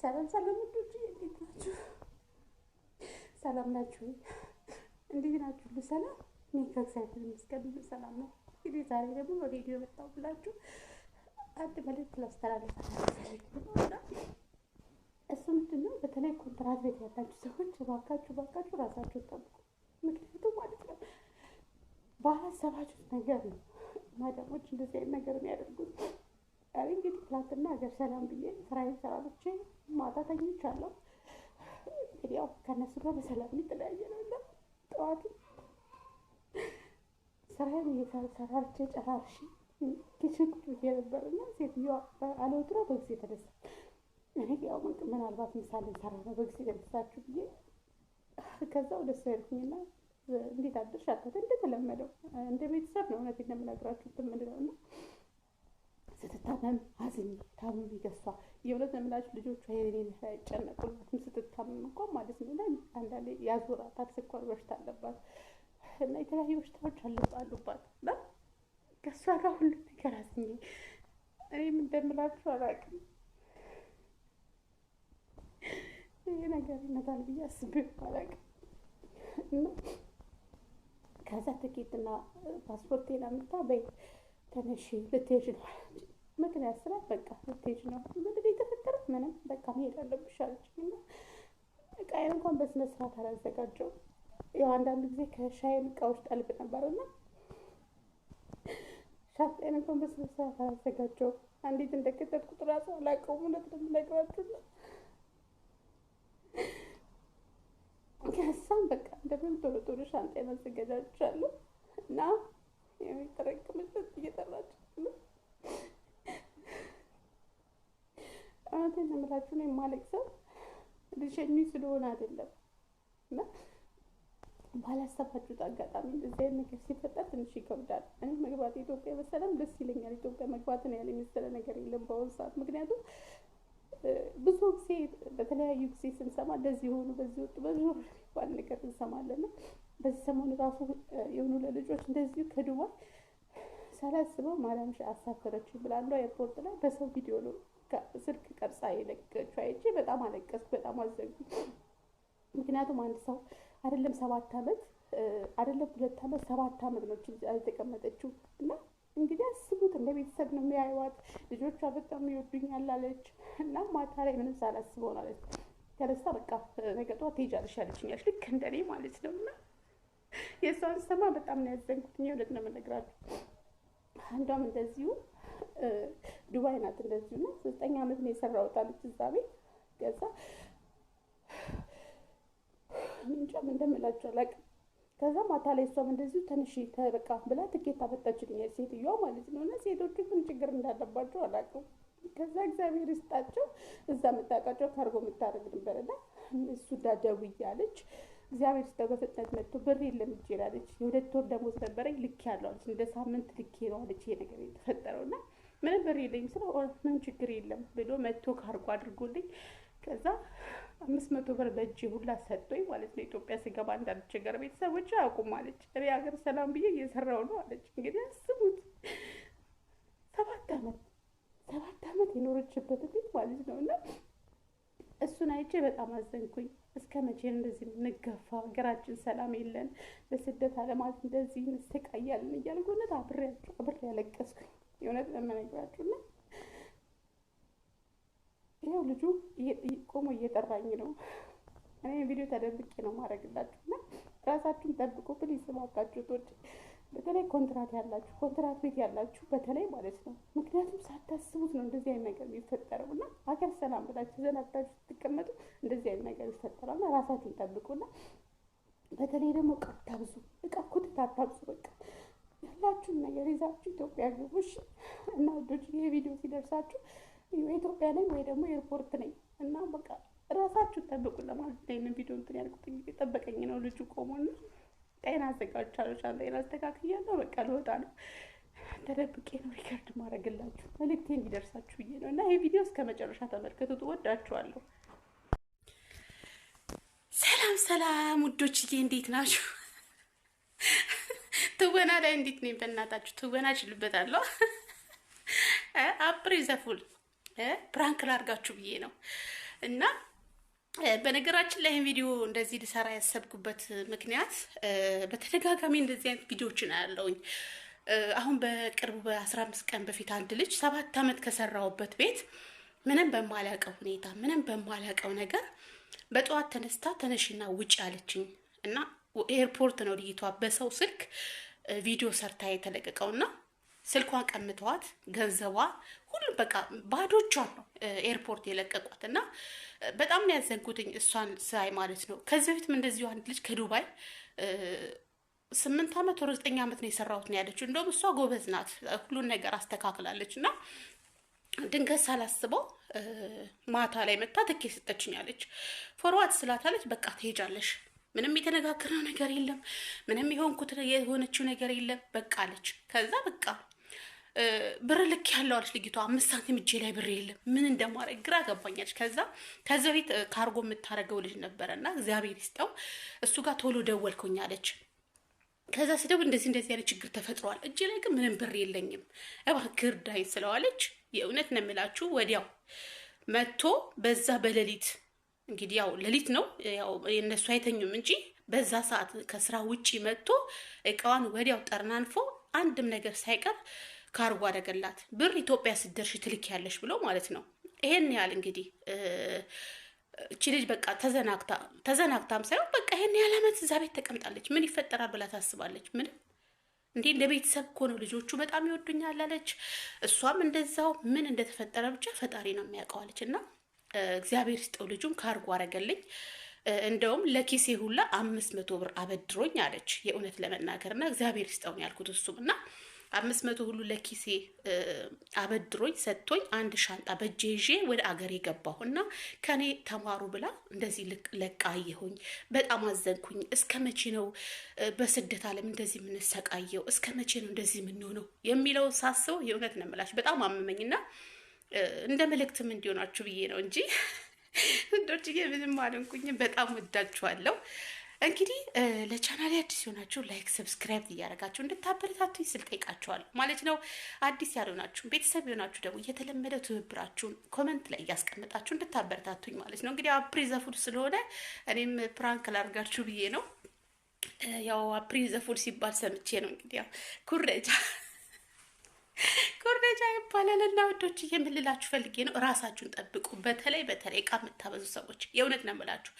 ሰላም ሰላም ውዶች፣ እንዴት ናችሁ? ሰላም ናችሁ? እንዴት ናችሁ? ሁሉ ሰላም? እኔ ከእግዚአብሔር ይመስገን ሁሉ ሰላም ነው። እንግዲህ ዛሬ ደግሞ ሬዲዮ መጣሁ ብላችሁ አንድ መልዕክት ላስተላለፍ እና እሱ ምንድን ነው? በተለይ ኮንትራት ቤት ያላችሁ ሰዎች እባካችሁ እባካችሁ ራሳችሁ ጠብቁ። ምክንያቱም ማለት ነው ባላሰባችሁት ነገር ነው ማዳሞች እንደዚህ አይነት ነገር ነው ያደርጉት ዛሬ እንግዲህ ትላንትና ሀገር ሰላም ብዬ ስራዬን ሰራቶቼ ማታ ተኝቻለሁ። እንግዲህ ያው ከእነሱ ጋር በሰላም የተለያየ ነው እና ጠዋቱ ስራዬን እየሰራርቼ ጨራርሽ ኪችን ቁጭ ነበር እና ሴትዮዋ አለወትሮ በጊዜ የተነሳ እኔ ያው ምናልባት ምሳሌ ሰራ ነው በጊዜ የተነሳችሁ ብዬ ከዛ ወደ እሷ ሄድኩኝና እንዴት አደርሽ አልኳት። እንደተለመደው እንደ ቤተሰብ ነው እውነት ነው የምነግራችሁ ምንድነው እና ስትታመም አዝኝ ታመም ይገሷ የእውነት ለምላችሁ ልጆቿ የኔን ጨነቁላትም ስትታመም እንኳ ማለት ነው። አንዳንዴ ያዞራታል፣ ስኳር በሽታ አለባት እና የተለያዩ በሽታዎች አሉባት እና ከእሷ ጋር ሁሉም ነገር አዝኝ እኔም እንደምላችሁ አላውቅም። ይህ ነገር ይመጣል ብዬ አስቤ አላውቅም እና ከዛ ትኬትና ፓስፖርቴን አምጥታ በይ ተነሺ ልትሄጂ ነው ምክንያት ስላት በቃ ልትሄጂ ነው ምንድን ነው ምንም በቃ መሄድ አለብሽ አለችኝ። እቃዬን እንኳን በስነ ስርዓት አላዘጋጀው። ያው አንዳንድ ጊዜ ከሻይን ውስጥ ጠልቅ ነበር እና ሻንጣዬን እንኳን በስነ ስርዓት አላዘጋጀው። እንዴት እንደከተትኩት ራሱ አላውቀውም። እውነት ነው የምነግራችሁ። ከዛም በቃ እንደምን ቶሎ ቶሎ ሻንጣዬን አዘጋጃችኋለሁ እና የሚተረቅምበት እየጠራች እውነቴን ነው ነው የማለቅሰው። ልሸኙኝ ስለሆነ አይደለም እና ባላሰባችሁት አጋጣሚ እንደዚህ አይነት ነገር ሲፈጠር ትንሽ ይከብዳል። እኔ መግባት ኢትዮጵያ መሰለም ደስ ይለኛል። ኢትዮጵያ መግባትን ያለ የሚሰለ ነገር የለም በአሁኑ ሰዓት። ምክንያቱም ብዙ ጊዜ በተለያዩ ጊዜ ስንሰማ እንደዚህ ሆኑ፣ በዚህ ወጡ፣ በዚህ ወር ነገር እንሰማለን። በዚህ ሰሞን ራሱ የሆኑ ለልጆች እንደዚሁ ከዱባይ ሳላስበው ማለምሽ አሳፈረች ብላሉ ኤርፖርት ላይ በሰው ቪዲዮ ነው ስልክ ቀርጻ የለቀችው አይቼ በጣም አለቀስኩ። በጣም አዘንኩ። ምክንያቱም አንድ ሰው አይደለም ሰባት ዓመት አይደለም ሁለት ዓመት ሰባት ዓመት ነው የተቀመጠችው እና እንግዲህ አስቡት እንደ ቤተሰብ ነው የሚያዩዋት። ልጆቿ በጣም ይወዱኛል አለች እና ማታ ላይ ምንም ሳላስበው ነው አለች ተነሳ በቃ ነገጧ ትሄጃለሽ ያለችኛለች ልክ እንደኔ ማለት ነው እና የእሷን ሰማ በጣም ነው ያዘንኩት። እኔ እውነት ነው የምነግራችሁ። አንዷም እንደዚሁ ዱባይ ናት እንደዚሁ እና ሶስተኛ ዓመት ነው የሰራሁት አለች እዛ ቤት። ገዛ ምንጫም እንደምላቸው አላውቅም። ከዛ ማታ ላይ እሷም እንደዚሁ ትንሽ በቃ ብላ ትኬት አፈታችልኝ ሴትዮዋ ማለት ነው። እና ሴቶቹ ምን ችግር እንዳለባቸው አላውቅም። ከዛ እግዚአብሔር ይስጣቸው እዛ የምታውቃቸው ካርጎ የምታደርግ ነበርና እሱ ዳደቡ እያለች እግዚአብሔር ስጠው በፍጥነት መጥቶ ብር የለም እጄ ላለች የሁለት ወር ደሞዝ ነበረኝ ልኬ ያለው አለች እንደ ሳምንት ልኬ ነው አለች። ይሄ ነገር የተፈጠረው እና ምንም ብር የለኝም ስለ ምን ችግር የለም ብሎ መጥቶ ካርጎ አድርጎልኝ ከዛ አምስት መቶ ብር በእጅ ሁላ ሰጥቶኝ ማለት ነው። ኢትዮጵያ ስገባ እንዳለች ሀገር ቤተሰቦች አያውቁም አለች። እኔ ሀገር ሰላም ብዬ እየሰራው ነው አለች። እንግዲህ አስቡት ሰባት አመት ሰባት አመት የኖረችበት ቤት ማለት ነው እና እሱን አይቼ በጣም አዘንኩኝ። እስከ መቼ እንደዚህ የምንገፋ? ሀገራችን ሰላም የለን፣ በስደት አለማት እንደዚህ እንስተቃያለን እያልኩ እውነት አብሬያችሁ አብሬ ያለቀስኩኝ የእውነት ለመነግራችሁ እና ይኸው ልጁ ቆሞ እየጠራኝ ነው። እኔ ቪዲዮ ተደብቄ ነው ማድረግላችሁ እና ራሳችሁን ጠብቁ ፕሊዝ እባካችሁ ቶች በተለይ ኮንትራት ያላችሁ ኮንትራት ቤት ያላችሁ በተለይ ማለት ነው። ምክንያቱም ሳታስቡት ነው እንደዚህ አይነት ነገር የሚፈጠረው እና ሀገር ሰላም ብላችሁ ዘና ብላችሁ ስትቀመጡ እንደዚህ አይነት ነገር ይፈጠራል። ራሳችን ጠብቁና፣ በተለይ ደግሞ እቃ አታብዙ፣ እቃ ኩትት አታብዙ። በቃ ያላችሁን ነገር ይዛችሁ ኢትዮጵያ ግቡሽ እና ወዶች ይሄ ቪዲዮ ሲደርሳችሁ ኢትዮጵያ ነኝ ወይ ደግሞ ኤርፖርት ነኝ እና በቃ ራሳችሁ ጠብቁ ለማለት ላይ ነው ቪዲዮ እንትን ያልኩት። እንግዲህ ጠበቀኝ ነው ልጁ ቆሞ ና ጤና አዘጋጅቻለሁ፣ ጤና አስተካክያለሁ። በቃ ልወጣ ነው ተደብቄ ነው ሪከርድ ማድረግላችሁ መልእክቴ እንዲደርሳችሁ ብዬ ነው። እና ይህ ቪዲዮ እስከ መጨረሻ ተመልከቱት። ወዳችኋለሁ። ሰላም ሰላም ውዶችዬ፣ እንዴት ናችሁ? ትወና ላይ እንዴት ነው? በእናታችሁ ትወና ችልበታለሁ። አፕሪ ዘፉል ፕራንክ ላርጋችሁ ብዬ ነው እና በነገራችን ላይ ይህን ቪዲዮ እንደዚህ ልሰራ ያሰብኩበት ምክንያት በተደጋጋሚ እንደዚህ አይነት ቪዲዮዎችን አያለውኝ። አሁን በቅርቡ በአስራ አምስት ቀን በፊት አንድ ልጅ ሰባት አመት ከሰራውበት ቤት ምንም በማላውቀው ሁኔታ ምንም በማላውቀው ነገር በጠዋት ተነስታ ተነሽና ውጭ አለችኝ እና ኤርፖርት ነው ልይቷ በሰው ስልክ ቪዲዮ ሰርታ የተለቀቀው እና ስልኳ ቀምተዋት ገንዘቧ ሁሉም በቃ ባዶቿን ነው ኤርፖርት የለቀቋት እና በጣም ያዘንኩትኝ እሷን ሳይ ማለት ነው። ከዚህ በፊትም እንደዚሁ አንድ ልጅ ከዱባይ ስምንት ዓመት ወደ ዘጠኝ ዓመት ነው የሰራሁት ነው ያለችው። እንደውም እሷ ጎበዝ ናት፣ ሁሉን ነገር አስተካክላለች እና ድንገት ሳላስበው ማታ ላይ መታ ትኬ ሰጠችኛለች። ፎርዋት ስላታለች በቃ ትሄጃለሽ። ምንም የተነጋገረው ነገር የለም፣ ምንም የሆንኩት የሆነችው ነገር የለም። በቃ አለች። ከዛ በቃ ብር ልክ ያለው አለች ልጅቷ። አምስት ሳንቲም እጄ ላይ ብር የለም። ምን እንደማረግ ግራ ገባኛለች። ከዛ ከዚ በፊት ካርጎ የምታደርገው ልጅ ነበረ እና እግዚአብሔር ይስጠው እሱ ጋር ቶሎ ደወልኩኝ አለች። ከዛ ስደው እንደዚህ እንደዚህ አይነት ችግር ተፈጥሯል፣ እጄ ላይ ግን ምንም ብር የለኝም፣ እባክህ እርዳኝ ስለዋለች የእውነት ነው የምላችሁ ወዲያው መጥቶ በዛ በሌሊት እንግዲህ ያው ሌሊት ነው ያው የእነሱ አይተኙም እንጂ በዛ ሰዓት ከስራ ውጪ መጥቶ እቃዋን ወዲያው ጠርናንፎ አንድም ነገር ሳይቀር ካርጎ አደረገላት። ብር ኢትዮጵያ ትልክ ያለሽ ብሎ ማለት ነው። ይሄን ያህል እንግዲህ እቺ ልጅ በቃ ተዘናግታ ተዘናግታም ሳይሆን በቃ ይሄን ያህል አመት እዛ ቤት ተቀምጣለች። ምን ይፈጠራል ብላ ታስባለች? ምንም እንዴ እንደ ቤተሰብ እኮ ነው። ልጆቹ በጣም ይወዱኛል አለች። እሷም እንደዛው ምን እንደተፈጠረ ብቻ ፈጣሪ ነው የሚያውቀው አለች። እና እግዚአብሔር ስጠው ልጁን ካርጎ አረገልኝ። እንደውም ለኪሴ ሁላ አምስት መቶ ብር አበድሮኝ አለች። የእውነት ለመናገር እና እግዚአብሔር ይስጠው ያልኩት እሱም እና አምስት መቶ ሁሉ ለኪሴ አበድሮኝ ሰጥቶኝ አንድ ሻንጣ በእጄ ይዤ ወደ አገር የገባሁ እና ከኔ ተማሩ ብላ እንደዚህ ለቃየሁኝ። በጣም አዘንኩኝ። እስከ መቼ ነው በስደት አለም እንደዚህ የምንሰቃየው? እስከ መቼ ነው እንደዚህ የምንሆነው የሚለው ሳስበው የእውነት ነው የምላችሁ በጣም አመመኝና እንደ መልእክትም እንዲሆናችሁ ብዬ ነው እንጂ እንዶችዬ ምንም አልንኩኝም። በጣም ወዳችኋለሁ። እንግዲህ ለቻናል አዲስ የሆናችሁ ላይክ፣ ሰብስክራይብ እያደረጋችሁ እንድታበረታቱ ስል ጠይቃችኋለሁ ማለት ነው። አዲስ ያልሆናችሁ ቤተሰብ የሆናችሁ ደግሞ የተለመደው ትብብራችሁን ኮመንት ላይ እያስቀመጣችሁ እንድታበረታቱኝ ማለት ነው። እንግዲህ አፕሪ ዘፉድ ስለሆነ እኔም ፕራንክ ላርጋችሁ ብዬ ነው። ያው አፕሪ ዘፉድ ሲባል ሰምቼ ነው እንግዲህ ያው ኩረጃ ኮርደጃ ይባላል እና ውዶች የምልላችሁ ፈልጌ ነው። ራሳችሁን ጠብቁ። በተለይ በተለይ እቃ የምታበዙ ሰዎች የእውነት ነው የምላችሁ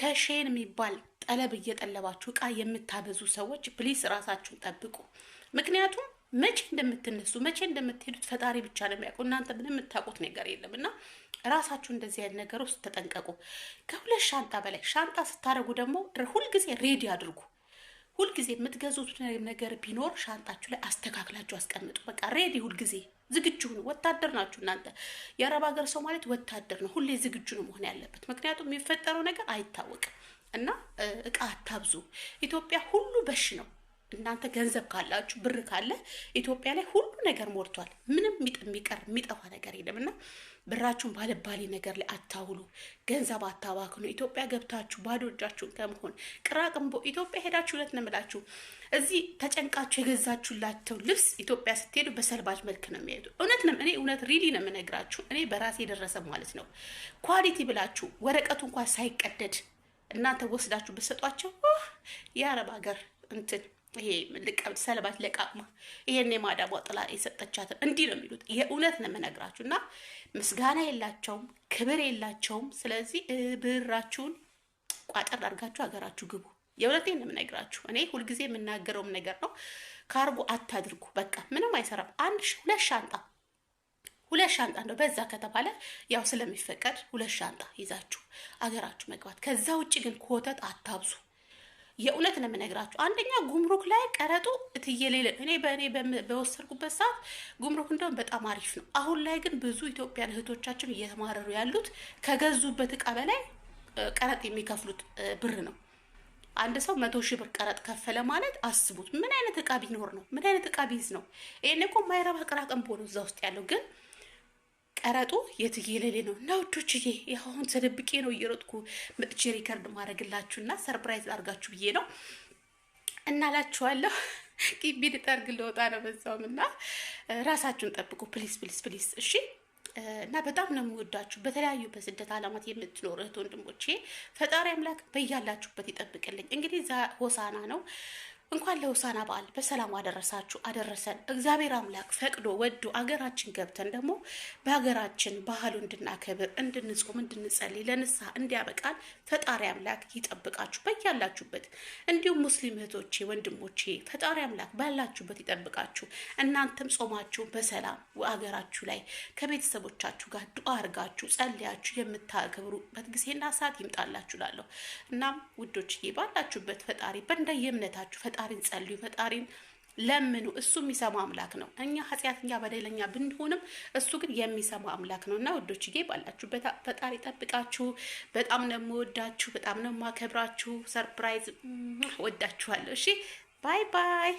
ከሼን የሚባል ጠለብ እየጠለባችሁ እቃ የምታበዙ ሰዎች ፕሊስ ራሳችሁን ጠብቁ። ምክንያቱም መቼ እንደምትነሱ መቼ እንደምትሄዱት ፈጣሪ ብቻ ነው የሚያውቁ። እናንተ ምንም የምታውቁት ነገር የለም እና ራሳችሁ እንደዚህ አይነት ነገር ውስጥ ተጠንቀቁ። ከሁለት ሻንጣ በላይ ሻንጣ ስታደርጉ ደግሞ ሁልጊዜ ሬዲ አድርጉ። ሁልጊዜ የምትገዙት ነገር ቢኖር ሻንጣችሁ ላይ አስተካክላችሁ አስቀምጡ። በቃ ሬዲ፣ ሁልጊዜ ዝግጁ ሁኑ። ወታደር ናችሁ እናንተ። የአረብ ሀገር ሰው ማለት ወታደር ነው። ሁሌ ዝግጁ ነው መሆን ያለበት፣ ምክንያቱም የሚፈጠረው ነገር አይታወቅም እና እቃ አታብዙ። ኢትዮጵያ ሁሉ በሽ ነው። እናንተ ገንዘብ ካላችሁ ብር ካለ ኢትዮጵያ ላይ ሁሉ ነገር ሞልቷል። ምንም የሚቀር የሚጠፋ ነገር የለም እና ብራችሁን ባለባሌ ነገር ላይ አታውሉ፣ ገንዘብ አታባክኑ። ኢትዮጵያ ገብታችሁ ባዶ እጃችሁን ከመሆን ቅራቅንቦ ኢትዮጵያ ሄዳችሁ እውነት ነው የምላችሁ እዚህ ተጨንቃችሁ የገዛችሁላቸው ልብስ ኢትዮጵያ ስትሄዱ በሰልባጅ መልክ ነው የሚሄዱ። እውነት ነው እኔ እውነት ሪሊ ነው የምነግራችሁ እኔ በራሴ የደረሰ ማለት ነው። ኳሊቲ ብላችሁ ወረቀቱ እንኳን ሳይቀደድ እናንተ ወስዳችሁ በሰጧቸው የአረብ ሀገር እንትን ይሄ ልቀብድ ሰለባት ለቃቅማ ይሄን የማዳቧ ጥላ የሰጠቻትን እንዲህ ነው የሚሉት። የእውነት ነው የምነግራችሁ እና ምስጋና የላቸውም፣ ክብር የላቸውም። ስለዚህ ብራችሁን ቋጠር አድርጋችሁ ሀገራችሁ ግቡ። የእውነቴን ነው የምነግራችሁ። እኔ ሁልጊዜ የምናገረውም ነገር ነው። ካርጎ አታድርጉ። በቃ ምንም አይሰራም። አንድ ሁለት ሻንጣ ሁለት ሻንጣ ነው በዛ ከተባለ ያው ስለሚፈቀድ ሁለት ሻንጣ ይዛችሁ አገራችሁ መግባት። ከዛ ውጭ ግን ኮተት አታብዙ። የእውነት ነው የምነግራችሁ። አንደኛ ጉምሩክ ላይ ቀረጡ እትየሌለ እኔ በእኔ በወሰድኩበት ሰዓት ጉምሩክ እንደውም በጣም አሪፍ ነው። አሁን ላይ ግን ብዙ ኢትዮጵያን እህቶቻችን እየተማረሩ ያሉት ከገዙበት እቃ በላይ ቀረጥ የሚከፍሉት ብር ነው። አንድ ሰው መቶ ሺህ ብር ከፈለ ማለት አስቡት፣ ምን አይነት እቃ ቢኖር ነው? ምን አይነት እቃ ቢይዝ ነው? ይህን እኮ ማይረባ ቅራቅንቦ ነው እዛ ውስጥ ያለው ግን ቀረጡ የትየለሌ ነው እና ውዶችዬ፣ አሁን ተደብቄ ነው እየሮጥኩ መጥቼ ሪከርድ ማድረግላችሁና ሰርፕራይዝ አድርጋችሁ ብዬ ነው እናላችኋለሁ። ቂቢ ልጠርግ ልወጣ ነው በዛውም እና ራሳችሁን ጠብቁ ፕሊስ ፕሊስ ፕሊስ። እሺ እና በጣም ነው የሚወዳችሁ በተለያዩ በስደት ዓላማት የምትኖር እህት ወንድሞቼ፣ ፈጣሪ አምላክ በያላችሁበት ይጠብቅልኝ። እንግዲህ ሆሳና ነው እንኳን ለሆሳዕና በዓል በሰላም አደረሳችሁ አደረሰን። እግዚአብሔር አምላክ ፈቅዶ ወዶ አገራችን ገብተን ደግሞ በሀገራችን ባህሉ እንድናከብር፣ እንድንጾም፣ እንድንጸልይ ለንስሐ እንዲያበቃን ፈጣሪ አምላክ ይጠብቃችሁ በያላችሁበት። እንዲሁም ሙስሊም እህቶቼ ወንድሞቼ ፈጣሪ አምላክ ባላችሁበት ይጠብቃችሁ። እናንተም ጾማችሁ በሰላም አገራችሁ ላይ ከቤተሰቦቻችሁ ጋር ዱአ አርጋችሁ ጸልያችሁ የምታከብሩበት ጊዜና ሰዓት ይምጣላችሁ ላለሁ እናም ውዶችዬ ባላችሁበት ፈጣሪ በእንደየእምነታችሁ ፈጣሪን ጸልዩ፣ ፈጣሪን ለምኑ። እሱ የሚሰማ አምላክ ነው። እኛ ኃጢአተኛ በደለኛ ብንሆንም እሱ ግን የሚሰማ አምላክ ነው እና ወዶችዬ ባላችሁበት ፈጣሪ ጠብቃችሁ። በጣም ነው የምወዳችሁ፣ በጣም ነው የማከብራችሁ። ሰርፕራይዝ ወዳችኋለሁ። እሺ ባይ ባይ።